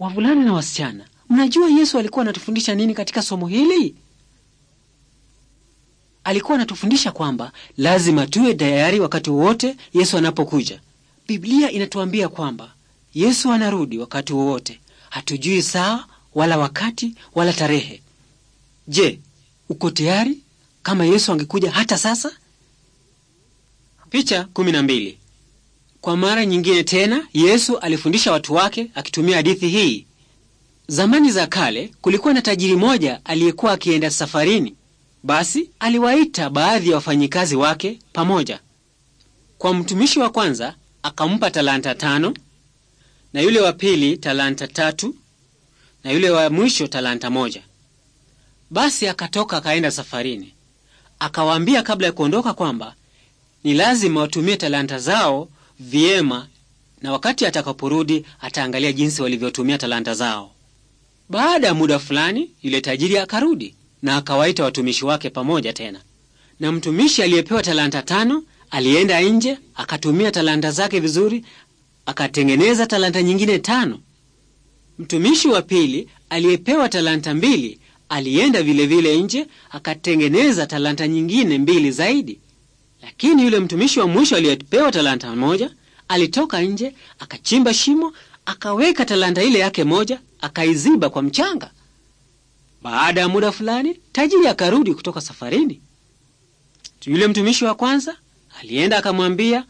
Wavulana na wasichana, mnajua Yesu alikuwa anatufundisha nini katika somo hili? Alikuwa anatufundisha kwamba lazima tuwe tayari wakati wowote Yesu anapokuja. Biblia inatuambia kwamba Yesu anarudi wakati wowote. Hatujui saa wala wakati wala tarehe. Je, uko tayari kama Yesu angekuja hata sasa? Picha kumi na mbili. Kwa mara nyingine tena Yesu alifundisha watu wake akitumia hadithi hii. Zamani za kale kulikuwa na tajiri moja aliyekuwa akienda safarini. Basi aliwaita baadhi ya wafanyikazi wake pamoja. Kwa mtumishi wa kwanza akampa talanta tano, na yule wa pili talanta tatu, na yule wa mwisho talanta moja. Basi akatoka akaenda safarini. Akawaambia kabla ya kuondoka kwamba ni lazima watumie talanta zao vyema na wakati atakaporudi ataangalia jinsi walivyotumia talanta zao. Baada ya muda fulani, yule tajiri akarudi na akawaita watumishi wake pamoja tena, na mtumishi aliyepewa talanta tano alienda nje akatumia talanta zake vizuri, akatengeneza talanta nyingine tano. Mtumishi wa pili aliyepewa talanta mbili alienda vilevile nje akatengeneza talanta nyingine mbili zaidi, lakini yule mtumishi wa mwisho aliyepewa talanta moja Alitoka nje akachimba shimo, akaweka talanta ile yake moja, akaiziba kwa mchanga. Baada ya muda fulani, tajiri akarudi kutoka safarini. Yule mtumishi wa kwanza alienda akamwambia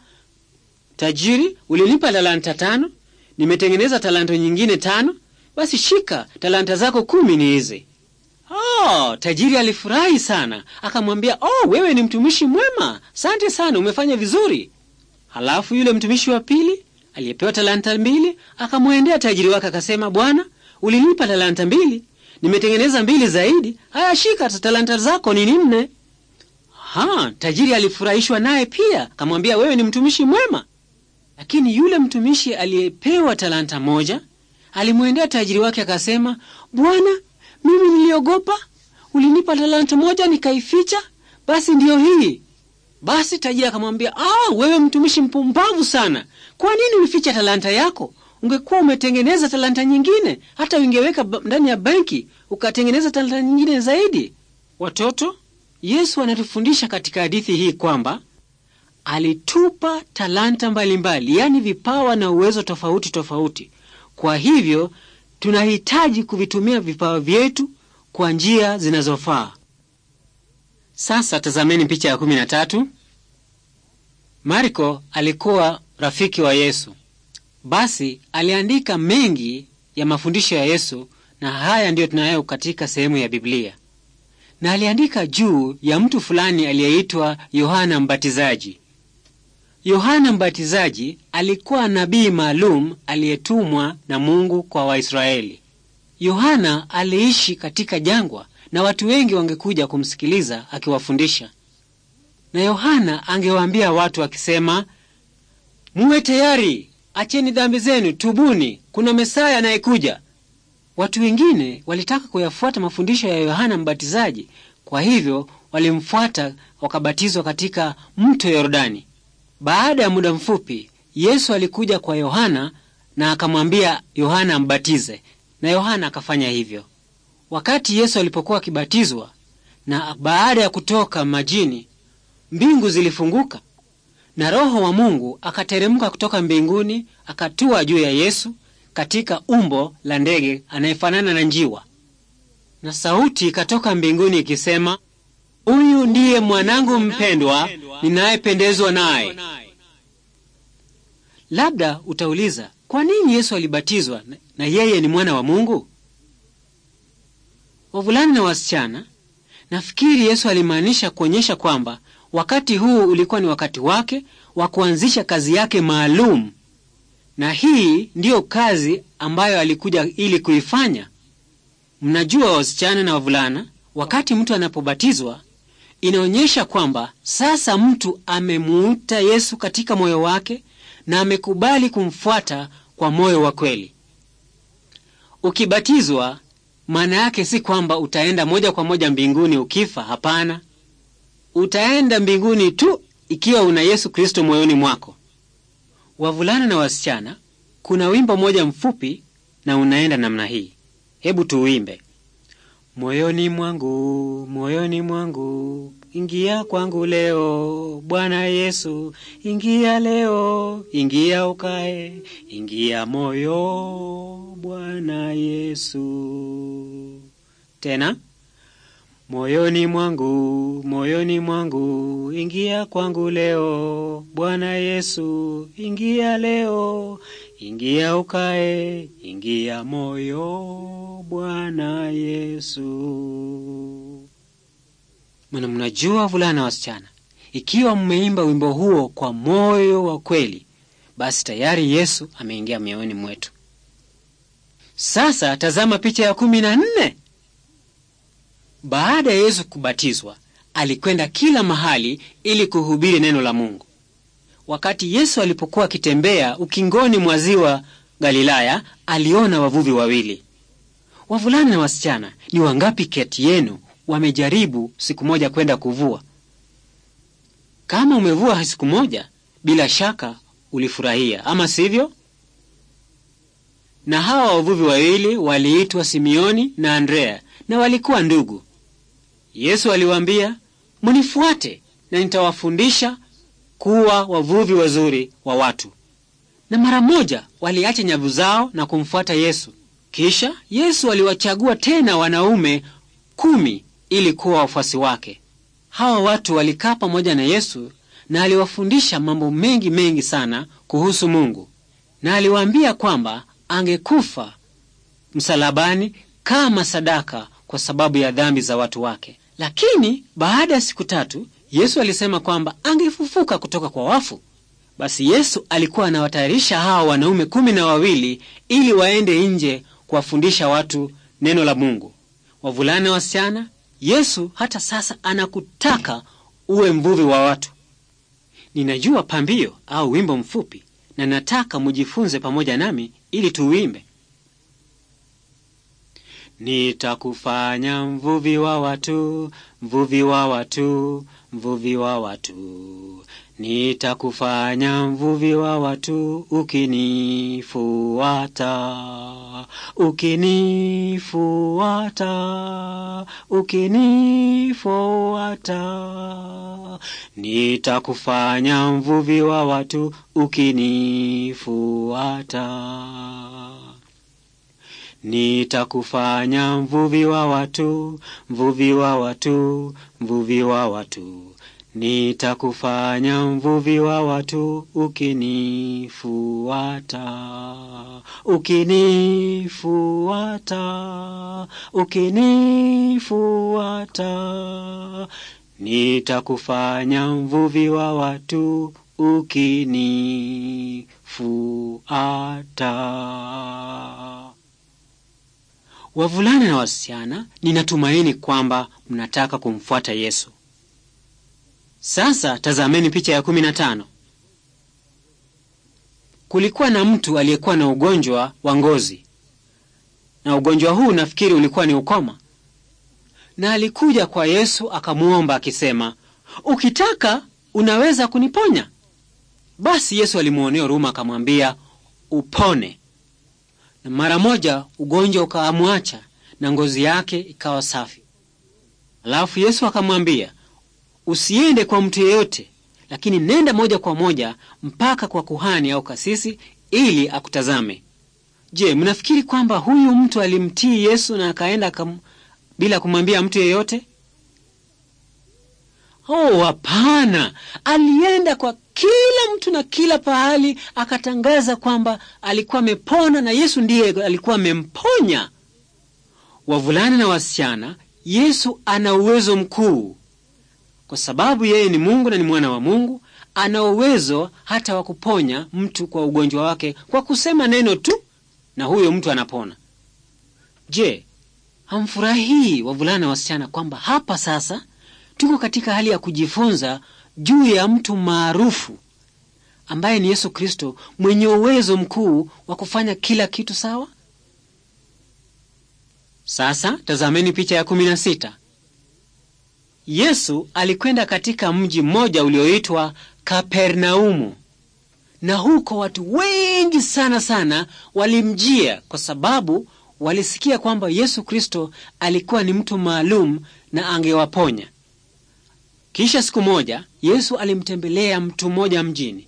tajiri, ulinipa talanta tano, nimetengeneza talanta nyingine tano, basi shika talanta zako kumi ni hizi. Oh, tajiri alifurahi sana, akamwambia oh, wewe ni mtumishi mwema, sante sana, umefanya vizuri. Halafu yule mtumishi wa pili aliyepewa talanta mbili akamwendea tajiri wake akasema, bwana, ulinipa talanta mbili, nimetengeneza mbili zaidi. Haya, shika talanta zako nini nne. Ha, tajiri alifurahishwa naye pia, akamwambia wewe ni mtumishi mwema. Lakini yule mtumishi aliyepewa talanta moja alimwendea tajiri wake akasema, bwana, mimi niliogopa, ulinipa talanta moja nikaificha, basi ndiyo hii basi tajiri akamwambia, ah, wewe mtumishi mpumbavu sana, kwa nini ulificha talanta yako? Ungekuwa umetengeneza talanta nyingine, hata ungeweka ndani ya benki ukatengeneza talanta nyingine zaidi. Watoto, Yesu anatufundisha katika hadithi hii kwamba alitupa talanta mbalimbali, yaani vipawa na uwezo tofauti tofauti. Kwa hivyo tunahitaji kuvitumia vipawa vyetu kwa njia zinazofaa. Sasa tazameni picha ya kumi na tatu. Marko alikuwa rafiki wa Yesu. Basi aliandika mengi ya mafundisho ya Yesu na haya ndiyo tunayo katika sehemu ya Biblia. Na aliandika juu ya mtu fulani aliyeitwa Yohana Mbatizaji. Yohana Mbatizaji alikuwa nabii maalum aliyetumwa na Mungu kwa Waisraeli. Yohana aliishi katika jangwa na watu wengi wangekuja kumsikiliza akiwafundisha. Na Yohana angewaambia watu akisema, muwe tayari, acheni dhambi zenu, tubuni, kuna Mesaya anayekuja. Watu wengine walitaka kuyafuata mafundisho ya Yohana Mbatizaji, kwa hivyo walimfuata wakabatizwa katika mto Yordani. Baada ya muda mfupi, Yesu alikuja kwa Yohana na akamwambia Yohana ambatize, na Yohana akafanya hivyo. Wakati Yesu alipokuwa akibatizwa na baada ya kutoka majini, mbingu zilifunguka na Roho wa Mungu akateremka kutoka mbinguni akatua juu ya Yesu katika umbo la ndege anayefanana na njiwa, na sauti ikatoka mbinguni ikisema, huyu ndiye mwanangu mpendwa ninayependezwa naye. Labda utauliza, kwa nini Yesu alibatizwa na yeye ni mwana wa Mungu? wavulana na wasichana, nafikiri Yesu alimaanisha kuonyesha kwamba wakati huu ulikuwa ni wakati wake wa kuanzisha kazi yake maalum, na hii ndiyo kazi ambayo alikuja ili kuifanya. Mnajua wasichana na wavulana, wakati mtu anapobatizwa inaonyesha kwamba sasa mtu amemuuta Yesu katika moyo wake na amekubali kumfuata kwa moyo wa kweli. Ukibatizwa maana yake si kwamba utaenda moja kwa moja mbinguni ukifa, hapana. Utaenda mbinguni tu ikiwa una Yesu Kristo moyoni mwako. Wavulana na wasichana, kuna wimbo moja mfupi na unaenda namna hii. Hebu tuuimbe. Moyoni mwangu, moyoni mwangu Ingia kwangu leo Bwana Yesu, ingia leo, ingia ukae, ingia moyo Bwana Yesu. Tena, moyoni mwangu, moyoni mwangu, ingia kwangu leo Bwana Yesu, ingia leo, ingia ukae, ingia moyo Bwana Yesu. Maana mnajua vulana wasichana, ikiwa mmeimba wimbo huo kwa moyo wa kweli, basi tayari Yesu ameingia mioyoni mwetu. Sasa tazama picha ya kumi na nne. Baada ya Yesu kubatizwa, alikwenda kila mahali ili kuhubiri neno la Mungu. Wakati Yesu alipokuwa akitembea ukingoni mwa ziwa Galilaya, aliona wavuvi wawili. Wavulana na wasichana, ni wangapi kati yenu wamejaribu siku moja kwenda kuvua. Kama umevua siku moja, bila shaka ulifurahia, ama sivyo? Na hawa wavuvi wawili waliitwa Simioni na Andrea na walikuwa ndugu. Yesu aliwaambia, mnifuate na nitawafundisha kuwa wavuvi wazuri wa watu. Na mara moja waliacha nyavu zao na kumfuata Yesu. Kisha Yesu aliwachagua tena wanaume kumi ili kuwa wafuasi wake. Hawa watu walikaa pamoja na Yesu na aliwafundisha mambo mengi mengi sana kuhusu Mungu, na aliwaambia kwamba angekufa msalabani kama sadaka kwa sababu ya dhambi za watu wake. Lakini baada ya siku tatu Yesu alisema kwamba angefufuka kutoka kwa wafu. Basi Yesu alikuwa anawatayarisha hawa wanaume kumi na wawili ili waende nje kuwafundisha watu neno la Mungu, wavulana, wasichana Yesu hata sasa anakutaka uwe mvuvi wa watu. Ninajua pambio au wimbo mfupi, na nataka mujifunze pamoja nami ili tuwimbe Nitakufanya mvuvi wa watu, mvuvi wa watu, mvuvi wa watu. Nitakufanya mvuvi wa watu ukinifuata, ukinifuata, ukinifuata. Nitakufanya mvuvi wa watu ukinifuata. Nitakufanya mvuvi wa watu, mvuvi wa watu, mvuvi wa watu Nitakufanya mvuvi wa watu ukinifuata, ukinifuata, ukinifuata. Nitakufanya mvuvi wa watu ukinifuata. Wavulana na wasichana, ninatumaini kwamba mnataka kumfuata Yesu. Sasa tazameni picha ya 15. Kulikuwa na mtu aliyekuwa na ugonjwa wa ngozi, na ugonjwa huu nafikiri ulikuwa ni ukoma, na alikuja kwa Yesu akamwomba akisema, ukitaka unaweza kuniponya. Basi Yesu alimwonea huruma akamwambia, upone. Na mara moja ugonjwa ukaamwacha na ngozi yake ikawa safi. Alafu Yesu akamwambia usiende kwa mtu yeyote, lakini nenda moja kwa moja mpaka kwa kuhani au kasisi ili akutazame. Je, mnafikiri kwamba huyu mtu alimtii Yesu na akaenda kam... bila kumwambia mtu yeyote? Oh, hapana! Alienda kwa kila mtu na kila pahali akatangaza kwamba alikuwa amepona na Yesu ndiye alikuwa amemponya. Wavulana na wasichana, Yesu ana uwezo mkuu kwa sababu yeye ni Mungu na ni mwana wa Mungu, ana uwezo hata wa kuponya mtu kwa ugonjwa wake kwa kusema neno tu, na huyo mtu anapona. Je, hamfurahii wavulana wasichana, kwamba hapa sasa tuko katika hali ya kujifunza juu ya mtu maarufu ambaye ni Yesu Kristo mwenye uwezo mkuu wa kufanya kila kitu sawa? Sasa tazameni picha ya kumi na sita. Yesu alikwenda katika mji mmoja ulioitwa Kapernaumu, na huko watu wengi sana sana walimjia kwa sababu walisikia kwamba Yesu Kristo alikuwa ni mtu maalum na angewaponya. Kisha siku moja Yesu alimtembelea mtu mmoja mjini,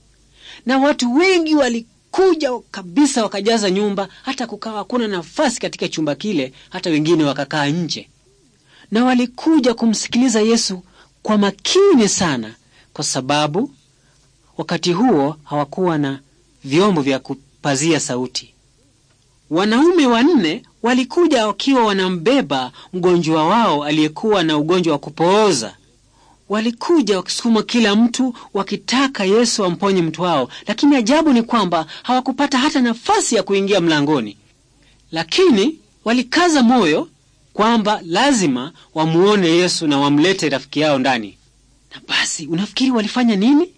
na watu wengi walikuja kabisa, wakajaza nyumba, hata kukawa hakuna nafasi katika chumba kile, hata wengine wakakaa nje na walikuja kumsikiliza Yesu kwa makini sana, kwa sababu wakati huo hawakuwa na vyombo vya kupazia sauti. Wanaume wanne walikuja wakiwa wanambeba mgonjwa wao aliyekuwa na ugonjwa wa kupooza. Walikuja wakisukuma kila mtu, wakitaka Yesu amponye mtu wao, lakini ajabu ni kwamba hawakupata hata nafasi ya kuingia mlangoni, lakini walikaza moyo kwamba lazima wamuone Yesu na wamlete rafiki yao ndani. Na basi unafikiri walifanya nini?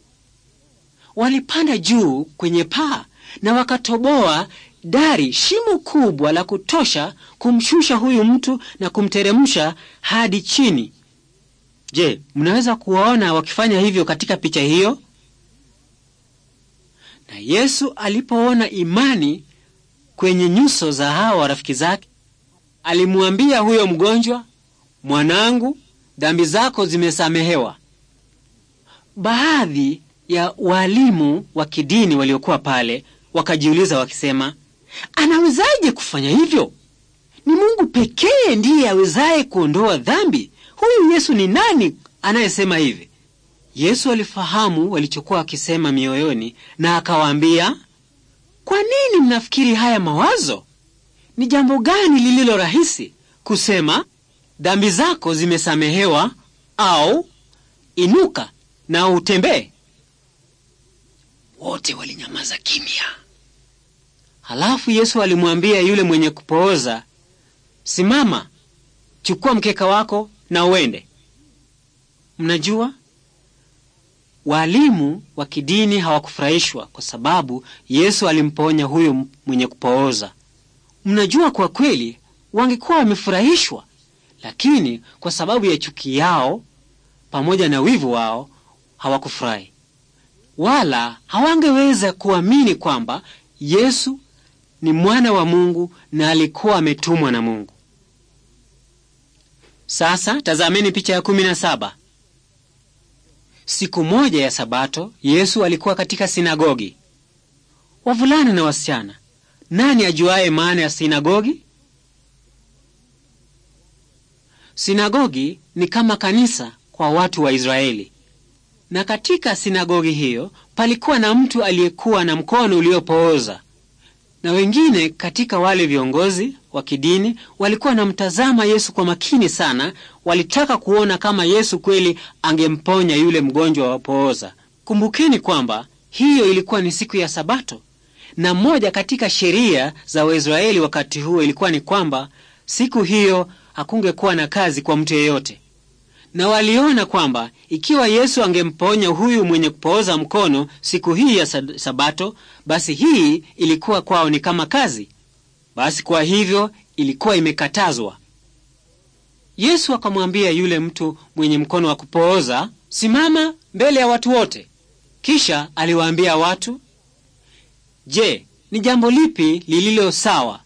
Walipanda juu kwenye paa na wakatoboa dari, shimo kubwa la kutosha kumshusha huyu mtu na kumteremsha hadi chini. Je, mnaweza kuwaona wakifanya hivyo katika picha hiyo? Na Yesu alipoona imani kwenye nyuso za hawa rafiki zake alimwambia huyo mgonjwa, mwanangu, dhambi zako zimesamehewa. Baadhi ya walimu wa kidini waliokuwa pale wakajiuliza wakisema, anawezaje kufanya hivyo? Ni Mungu pekee ndiye awezaye kuondoa dhambi. Huyu Yesu ni nani anayesema hivi? Yesu alifahamu walichokuwa wakisema mioyoni na akawaambia, kwa nini mnafikiri haya mawazo? Ni jambo gani lililo rahisi kusema dhambi zako zimesamehewa au inuka na utembee? Wote walinyamaza kimya. Halafu Yesu alimwambia yule mwenye kupooza, simama, chukua mkeka wako na uende. Mnajua, waalimu wa kidini hawakufurahishwa kwa sababu Yesu alimponya huyo mwenye kupooza. Mnajua, kwa kweli wangekuwa wamefurahishwa, lakini kwa sababu ya chuki yao pamoja na wivu wao hawakufurahi, wala hawangeweza kuamini kwamba Yesu ni mwana wa Mungu na alikuwa ametumwa na Mungu. Sasa tazameni picha ya kumi na saba. Siku moja ya Sabato Yesu alikuwa katika sinagogi. Wavulana na wasichana nani ajuaye maana ya sinagogi? Sinagogi ni kama kanisa kwa watu wa Israeli. Na katika sinagogi hiyo palikuwa na mtu aliyekuwa na mkono uliopooza. Na wengine katika wale viongozi wa kidini walikuwa wanamtazama Yesu kwa makini sana, walitaka kuona kama Yesu kweli angemponya yule mgonjwa wa pooza. Kumbukeni kwamba hiyo ilikuwa ni siku ya Sabato na moja katika sheria za Waisraeli wakati huo ilikuwa ni kwamba siku hiyo hakungekuwa na kazi kwa mtu yeyote. Na waliona kwamba ikiwa Yesu angemponya huyu mwenye kupooza mkono siku hii ya Sabato, basi hii ilikuwa kwao ni kama kazi. Basi kwa hivyo ilikuwa imekatazwa. Yesu akamwambia yule mtu mwenye mkono wa kupooza, simama mbele ya watu wote. Kisha aliwaambia watu, Je, ni jambo lipi lililo sawa?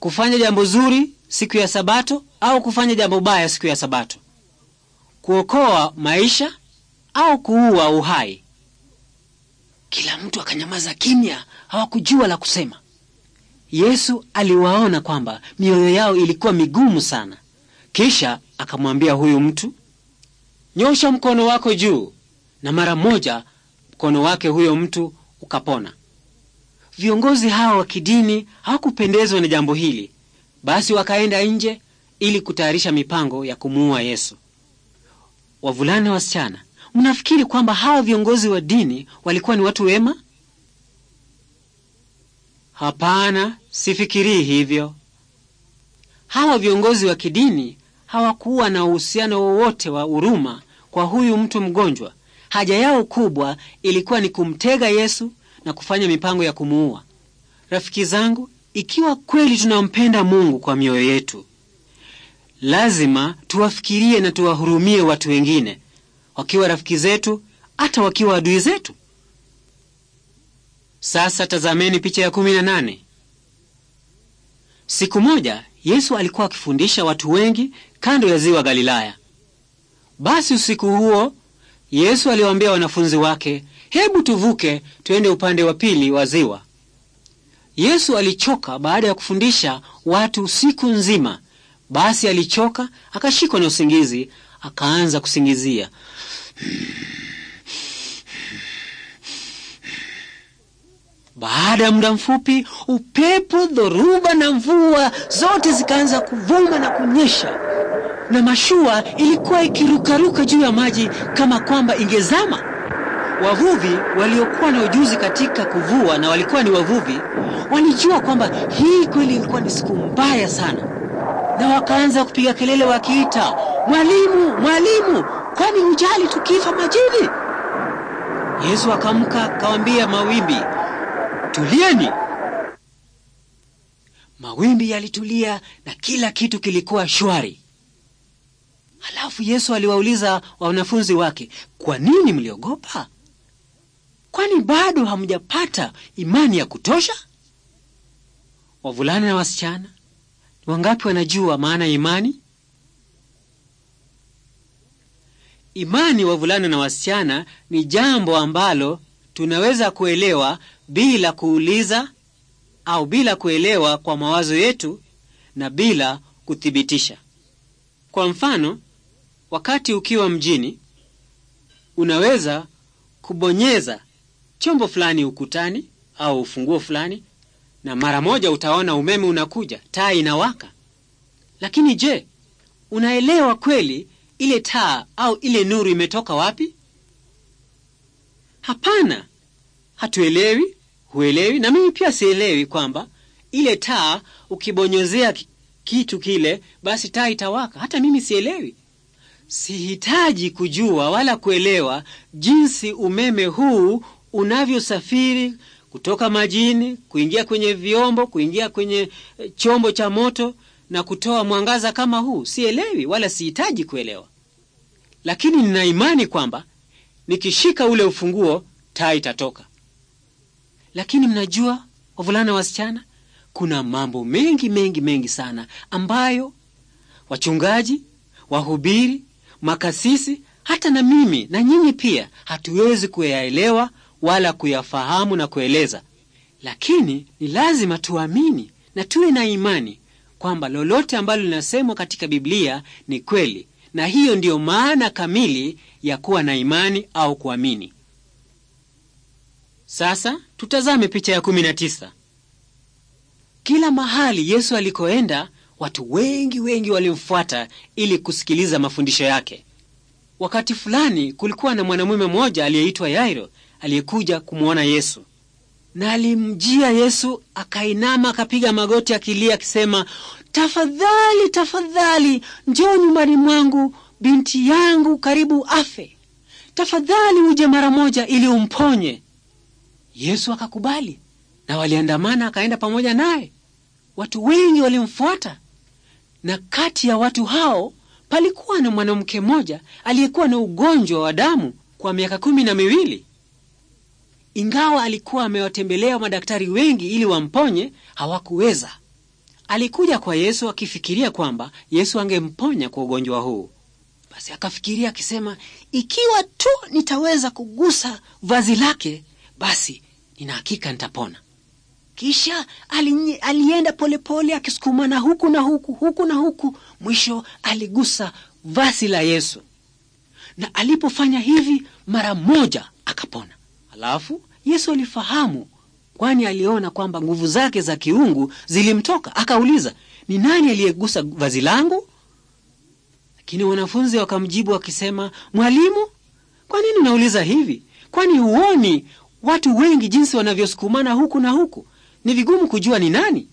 Kufanya jambo zuri siku ya Sabato au kufanya jambo baya siku ya Sabato? Kuokoa maisha au kuua uhai? Kila mtu akanyamaza kimya, hawakujua la kusema. Yesu aliwaona kwamba mioyo yao ilikuwa migumu sana. Kisha akamwambia huyu mtu, nyosha mkono wako juu, na mara moja mkono wake huyo mtu ukapona. Viongozi hawa wa kidini hawakupendezwa na jambo hili, basi wakaenda nje ili kutayarisha mipango ya kumuua Yesu. Wavulana wasichana, mnafikiri kwamba hawa viongozi wa dini walikuwa ni watu wema? Hapana, sifikirii hivyo. Hawa viongozi wa kidini hawakuwa na uhusiano wowote wa huruma kwa huyu mtu mgonjwa. Haja yao kubwa ilikuwa ni kumtega Yesu na kufanya mipango ya kumuua. Rafiki zangu, ikiwa kweli tunampenda Mungu kwa mioyo yetu, lazima tuwafikirie na tuwahurumie watu wengine, wakiwa rafiki zetu, hata wakiwa adui zetu. Sasa tazameni picha ya kumi na nane. Siku moja Yesu alikuwa akifundisha watu wengi kando ya ziwa Galilaya. Basi usiku huo Yesu aliwaambia wanafunzi wake, hebu tuvuke tuende upande wa pili wa ziwa. Yesu alichoka baada ya kufundisha watu siku nzima. Basi alichoka akashikwa na usingizi, akaanza kusingizia. Baada ya muda mfupi, upepo, dhoruba na mvua zote zikaanza kuvuma na kunyesha, na mashua ilikuwa ikirukaruka juu ya maji kama kwamba ingezama. Wavuvi waliokuwa na ujuzi katika kuvua na walikuwa ni wavuvi, walijua kwamba hii kweli ilikuwa ni siku mbaya sana, na wakaanza kupiga kelele wakiita, mwalimu, mwalimu, kwani hujali tukifa majini? Yesu akamka akawambia mawimbi, tulieni. Mawimbi yalitulia na kila kitu kilikuwa shwari. Halafu Yesu aliwauliza wanafunzi wake, kwa nini mliogopa? kwani bado hamjapata imani ya kutosha? Wavulana na wasichana, ni wangapi wanajua maana ya imani? Imani, wavulana na wasichana, ni jambo ambalo tunaweza kuelewa bila kuuliza au bila kuelewa kwa mawazo yetu na bila kuthibitisha. Kwa mfano, wakati ukiwa mjini unaweza kubonyeza chombo fulani ukutani au ufunguo fulani, na mara moja utaona umeme unakuja, taa inawaka. Lakini je, unaelewa kweli ile taa au ile nuru imetoka wapi? Hapana, hatuelewi, huelewi, na mimi pia sielewi kwamba ile taa ukibonyezea kitu kile, basi taa itawaka. Hata mimi sielewi. Sihitaji kujua wala kuelewa jinsi umeme huu unavyosafiri kutoka majini kuingia kwenye vyombo, kuingia kwenye eh, chombo cha moto na kutoa mwangaza kama huu, sielewi wala sihitaji kuelewa, lakini nina imani kwamba nikishika ule ufunguo taa itatoka. Lakini mnajua, wavulana, wasichana, kuna mambo mengi mengi mengi sana ambayo wachungaji, wahubiri, makasisi, hata na mimi na nyinyi pia hatuwezi kuyaelewa wala kuyafahamu na kueleza, lakini ni lazima tuamini na tuwe na imani kwamba lolote ambalo linasemwa katika Biblia ni kweli, na hiyo ndiyo maana kamili ya kuwa na imani au kuamini. Sasa tutazame picha ya 19. Kila mahali Yesu alikoenda, watu wengi wengi walimfuata ili kusikiliza mafundisho yake. Wakati fulani kulikuwa na mwanamume mmoja aliyeitwa Yairo aliyekuja kumwona Yesu na alimjia Yesu akainama, akapiga magoti akilia, akisema, tafadhali tafadhali, njoo nyumbani mwangu, binti yangu karibu afe, tafadhali uje mara moja ili umponye. Yesu akakubali, na waliandamana, akaenda pamoja naye. Watu wengi walimfuata, na kati ya watu hao palikuwa na mwanamke mmoja aliyekuwa na ugonjwa wa damu kwa miaka kumi na miwili. Ingawa alikuwa amewatembelea madaktari wengi ili wamponye, hawakuweza. Alikuja kwa Yesu akifikiria kwamba Yesu angemponya kwa ugonjwa huu. Basi akafikiria akisema, ikiwa tu nitaweza kugusa vazi lake, basi nina hakika nitapona. Kisha alienda polepole akisukumana huku na huku huku na huku, mwisho aligusa vazi la Yesu, na alipofanya hivi, mara moja akapona alafu Yesu alifahamu, kwani aliona kwamba nguvu zake za kiungu zilimtoka. Akauliza, ni nani aliyegusa vazi langu? Lakini wanafunzi wakamjibu wakisema, Mwalimu, kwa nini unauliza hivi? Kwani huoni watu wengi jinsi wanavyosukumana huku na huku? Ni vigumu kujua ni nani.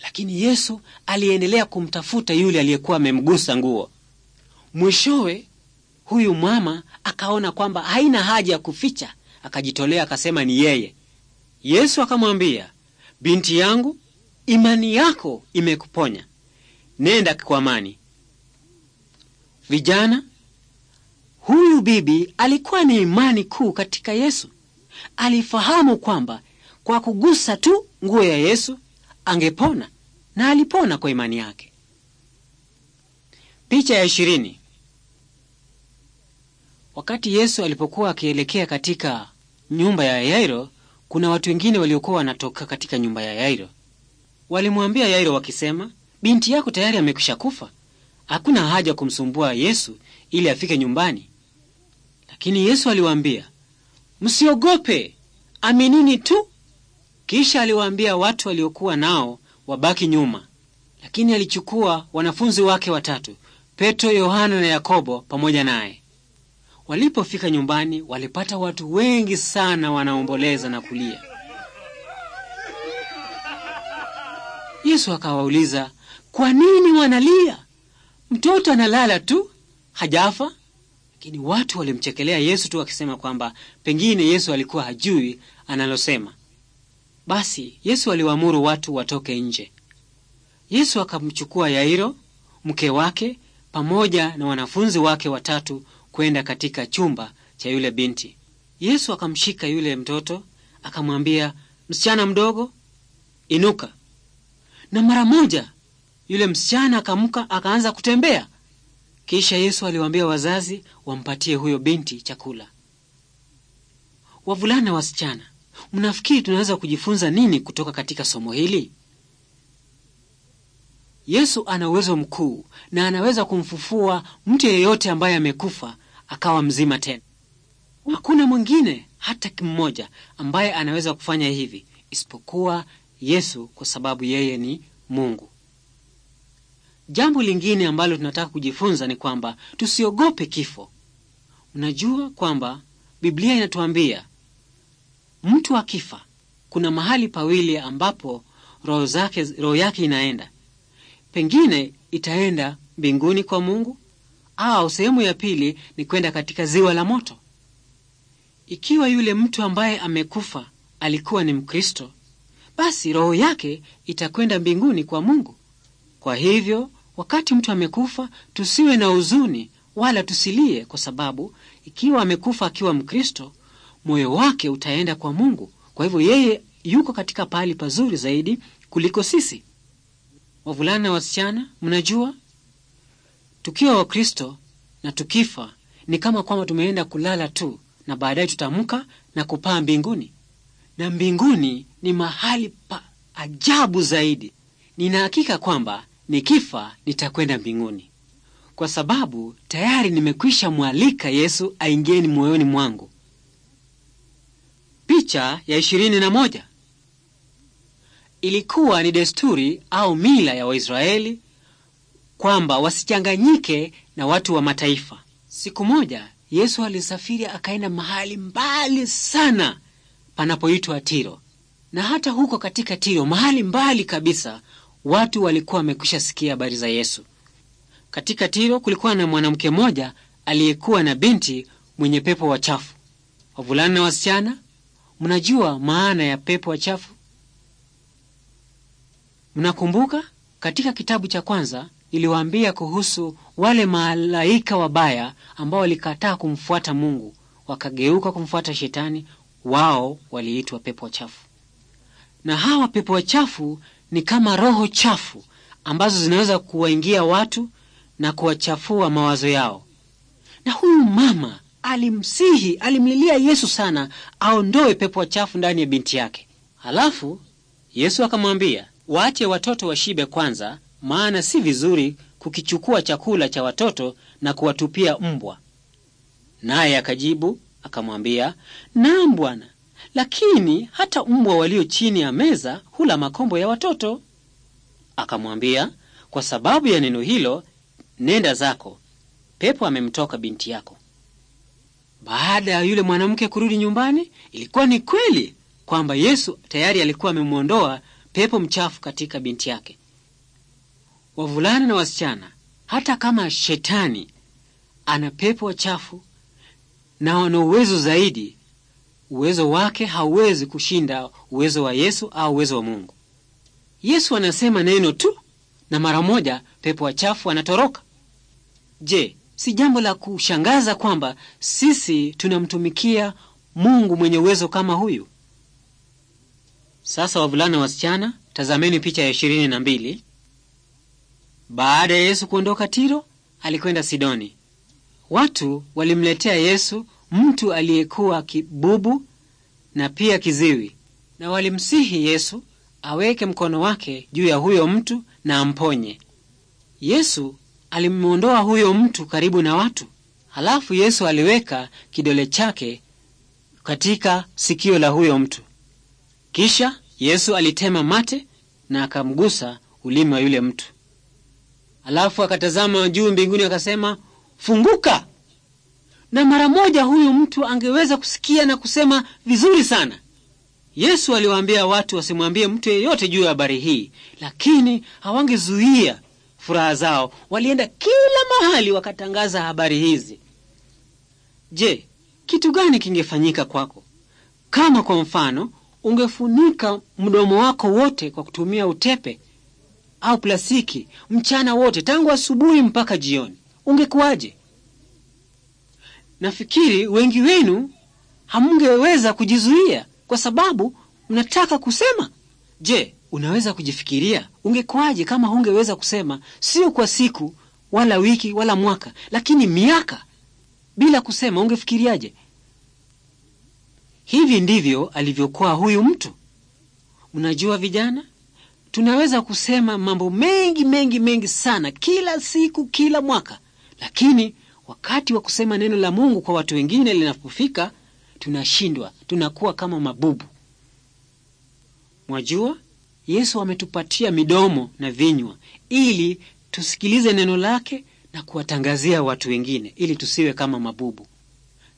Lakini Yesu aliendelea kumtafuta yule aliyekuwa amemgusa nguo. Mwishowe huyu mama akaona kwamba haina haja ya kuficha, akajitolea akasema ni yeye. Yesu akamwambia, binti yangu, imani yako imekuponya, nenda kwa amani. Vijana, huyu bibi alikuwa na imani kuu katika Yesu. Alifahamu kwamba kwa kugusa tu nguo ya Yesu angepona, na alipona kwa imani yake. Picha ya ishirini. Wakati Yesu alipokuwa akielekea katika nyumba ya Yairo kuna watu wengine waliokuwa wanatoka katika nyumba ya Yairo. Walimwambia Yairo wakisema, binti yako tayari amekwisha kufa, hakuna haja kumsumbua Yesu ili afike nyumbani. Lakini Yesu aliwaambia, msiogope, aminini tu. Kisha aliwaambia watu waliokuwa nao wabaki nyuma, lakini alichukua wanafunzi wake watatu, Petro, Yohana na Yakobo pamoja naye. Walipofika nyumbani, walipata watu wengi sana wanaomboleza na kulia. Yesu akawauliza, kwa nini wanalia? Mtoto analala tu, hajafa. Lakini watu walimchekelea Yesu tu wakisema kwamba pengine Yesu alikuwa hajui analosema. Basi Yesu aliwaamuru watu watoke nje. Yesu akamchukua Yairo, mke wake, pamoja na wanafunzi wake watatu kwenda katika chumba cha yule binti. Yesu akamshika yule mtoto akamwambia, msichana mdogo, inuka. Na mara moja yule msichana akamka akaanza kutembea. Kisha Yesu aliwaambia wazazi wampatie huyo binti chakula. Wavulana, wasichana, mnafikiri tunaweza kujifunza nini kutoka katika somo hili? Yesu ana uwezo mkuu na anaweza kumfufua mtu yeyote ambaye amekufa akawa mzima tena. Hakuna mwingine hata mmoja ambaye anaweza kufanya hivi isipokuwa Yesu, kwa sababu yeye ni Mungu. Jambo lingine ambalo tunataka kujifunza ni kwamba tusiogope kifo. Unajua kwamba Biblia inatuambia mtu akifa kuna mahali pawili ambapo roho zake, roho yake inaenda, pengine itaenda mbinguni kwa Mungu au sehemu ya pili ni kwenda katika ziwa la moto. Ikiwa yule mtu ambaye amekufa alikuwa ni Mkristo, basi roho yake itakwenda mbinguni kwa Mungu. Kwa hivyo, wakati mtu amekufa, tusiwe na huzuni wala tusilie, kwa sababu ikiwa amekufa akiwa Mkristo, moyo wake utaenda kwa Mungu. Kwa hivyo, yeye yuko katika pahali pazuri zaidi kuliko sisi. Wavulana na wasichana, mnajua Tukiwa Wakristo na tukifa ni kama kwamba tumeenda kulala tu, na baadaye tutamka na kupaa mbinguni, na mbinguni ni mahali pa ajabu zaidi. Nina hakika kwamba nikifa nitakwenda mbinguni, kwa sababu tayari nimekwisha mwalika Yesu aingieni moyoni mwangu. Picha ya Ilikuwa ni desturi au mila ya Waisraeli kwamba wasichanganyike na watu wa mataifa. Siku moja Yesu alisafiri akaenda mahali mbali sana panapoitwa Tiro, na hata huko katika Tiro, mahali mbali kabisa, watu walikuwa wamekwisha sikia habari za Yesu. Katika Tiro kulikuwa na mwanamke mmoja aliyekuwa na binti mwenye pepo wachafu. Wavulana na wasichana, mnajua maana ya pepo wachafu? Mnakumbuka katika kitabu cha kwanza iliwaambia kuhusu wale malaika wabaya ambao walikataa kumfuata Mungu wakageuka kumfuata Shetani. Wao waliitwa pepo wachafu, na hawa pepo wachafu ni kama roho chafu ambazo zinaweza kuwaingia watu na kuwachafua mawazo yao. Na huyu mama alimsihi, alimlilia Yesu sana aondoe pepo wachafu ndani ya binti yake. Halafu Yesu akamwambia waache watoto washibe kwanza, maana si vizuri kukichukua chakula cha watoto na kuwatupia mm. mbwa. Naye akajibu akamwambia, naam bwana, lakini hata mbwa walio chini ya meza hula makombo ya watoto. Akamwambia, kwa sababu ya neno hilo, nenda zako, pepo amemtoka binti yako. Baada ya yule mwanamke kurudi nyumbani, ilikuwa ni kweli kwamba Yesu tayari alikuwa amemwondoa pepo mchafu katika binti yake wavulana na wasichana, hata kama shetani ana pepo wachafu na wana uwezo zaidi, uwezo wake hauwezi kushinda uwezo wa Yesu au uwezo wa Mungu. Yesu anasema neno tu na mara moja pepo wachafu anatoroka. Je, si jambo la kushangaza kwamba sisi tunamtumikia Mungu mwenye uwezo kama huyu? Sasa wavulana wasichana, tazameni picha ya ishirini na mbili. Baada ya Yesu kuondoka Tiro, alikwenda Sidoni. Watu walimletea Yesu mtu aliyekuwa kibubu na pia kiziwi, na walimsihi Yesu aweke mkono wake juu ya huyo mtu na amponye. Yesu alimwondoa huyo mtu karibu na watu. Halafu Yesu aliweka kidole chake katika sikio la huyo mtu. Kisha Yesu alitema mate na akamgusa ulimi wa yule mtu. Alafu akatazama juu mbinguni akasema, funguka. Na mara moja huyu mtu angeweza kusikia na kusema vizuri sana. Yesu aliwaambia watu wasimwambie mtu yeyote juu ya habari hii, lakini hawangezuia furaha zao. Walienda kila mahali wakatangaza habari hizi. Je, kitu gani kingefanyika kwako kama kwa mfano ungefunika mdomo wako wote kwa kutumia utepe au plastiki mchana wote tangu asubuhi mpaka jioni, ungekuwaje? Nafikiri wengi wenu hamngeweza kujizuia kwa sababu mnataka kusema. Je, unaweza kujifikiria ungekuwaje kama hungeweza kusema, sio kwa siku wala wiki wala mwaka, lakini miaka bila kusema? Ungefikiriaje? Hivi ndivyo alivyokuwa huyu mtu. Mnajua vijana, tunaweza kusema mambo mengi mengi mengi sana kila siku, kila mwaka, lakini wakati wa kusema neno la Mungu kwa watu wengine linapofika, tunashindwa, tunakuwa kama mabubu. Mwajua, Yesu ametupatia midomo na vinywa ili tusikilize neno lake na kuwatangazia watu wengine, ili tusiwe kama mabubu.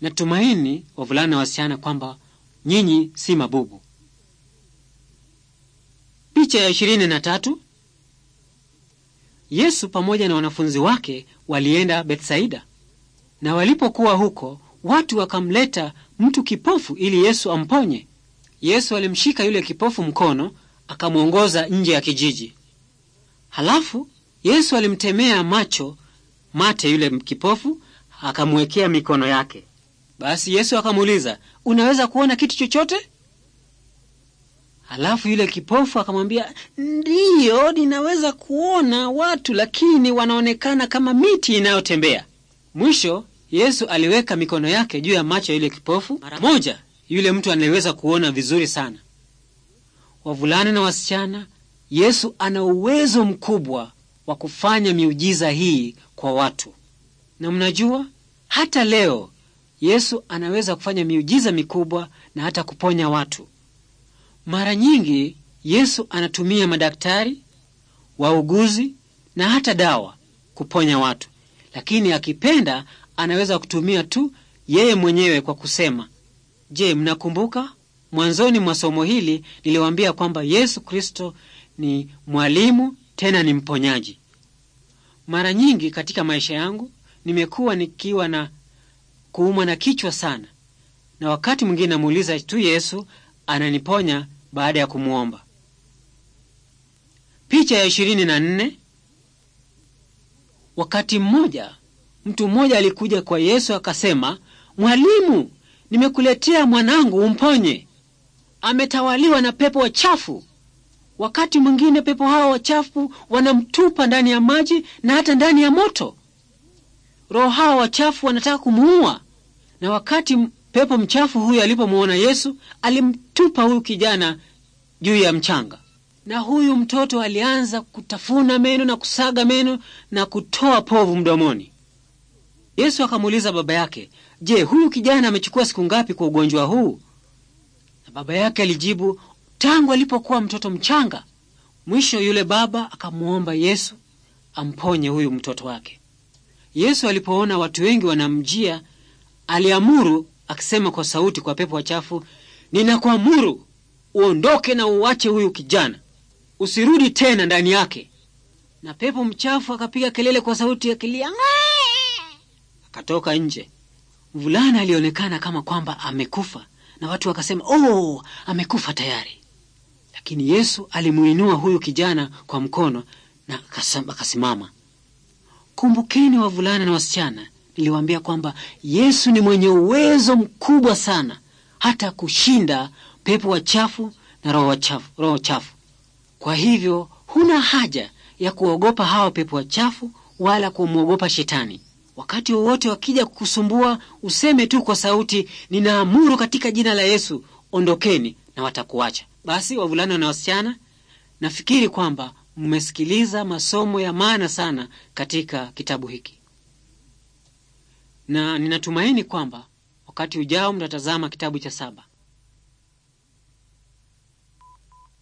Natumaini wavulana wasichana kwamba nyinyi si mabubu. Picha ya ishirini na tatu. Yesu pamoja na wanafunzi wake walienda Bethsaida, na walipokuwa huko watu wakamleta mtu kipofu ili Yesu amponye. Yesu alimshika yule kipofu mkono akamwongoza nje ya kijiji. Halafu Yesu alimtemea macho mate yule kipofu akamwekea mikono yake. Basi Yesu akamuuliza, unaweza kuona kitu chochote? Alafu yule kipofu akamwambia, ndiyo, ninaweza kuona watu, lakini wanaonekana kama miti inayotembea. Mwisho Yesu aliweka mikono yake juu ya macho ya yule kipofu. Mara moja yule mtu anaweza kuona vizuri sana. Wavulana na wasichana, Yesu ana uwezo mkubwa wa kufanya miujiza hii kwa watu, na mnajua hata leo Yesu anaweza kufanya miujiza mikubwa na hata kuponya watu. Mara nyingi Yesu anatumia madaktari, wauguzi na hata dawa kuponya watu, lakini akipenda anaweza kutumia tu yeye mwenyewe kwa kusema. Je, mnakumbuka mwanzoni mwa somo hili niliwaambia kwamba Yesu Kristo ni mwalimu tena ni mponyaji. Mara nyingi katika maisha yangu nimekuwa nikiwa na kuumwa na kichwa sana, na wakati mwingine namuuliza tu Yesu ananiponya baada ya kumwomba. Picha ya ishirini na nne. Wakati mmoja mtu mmoja alikuja kwa Yesu akasema, Mwalimu, nimekuletea mwanangu umponye, ametawaliwa na pepo wachafu. Wakati mwingine pepo hao wachafu wanamtupa ndani ya maji na hata ndani ya moto. Roho hao wachafu wanataka kumuua, na wakati Pepo mchafu huyo alipomwona Yesu alimtupa huyu kijana juu ya mchanga, na huyu mtoto alianza kutafuna meno na kusaga meno na kutoa povu mdomoni. Yesu akamuuliza baba yake, je, huyu kijana amechukua siku ngapi kwa ugonjwa huu? Na baba yake alijibu, tangu alipokuwa mtoto mchanga. Mwisho yule baba akamwomba Yesu amponye huyu mtoto wake. Yesu alipoona watu wengi wanamjia, aliamuru akisema kwa sauti kwa pepo wachafu, ninakuamuru uondoke na uache huyu kijana, usirudi tena ndani yake. Na pepo mchafu akapiga kelele kwa sauti ya kilia, akatoka nje. Mvulana alionekana kama kwamba amekufa, na watu wakasema, oh, amekufa tayari. Lakini Yesu alimuinua huyu kijana kwa mkono na akasimama. Kumbukeni wavulana na wasichana, niliwaambia kwamba Yesu ni mwenye uwezo mkubwa sana hata kushinda pepo wachafu na roho wachafu, roho chafu. Kwa hivyo huna haja ya kuogopa hawa pepo wachafu wala kumwogopa Shetani. Wakati wowote wakija kukusumbua, useme tu kwa sauti, ninaamuru katika jina la Yesu, ondokeni, na watakuacha. Basi wavulana na wasichana, nafikiri kwamba mmesikiliza masomo ya maana sana katika kitabu hiki na ninatumaini kwamba wakati ujao mtatazama kitabu cha saba.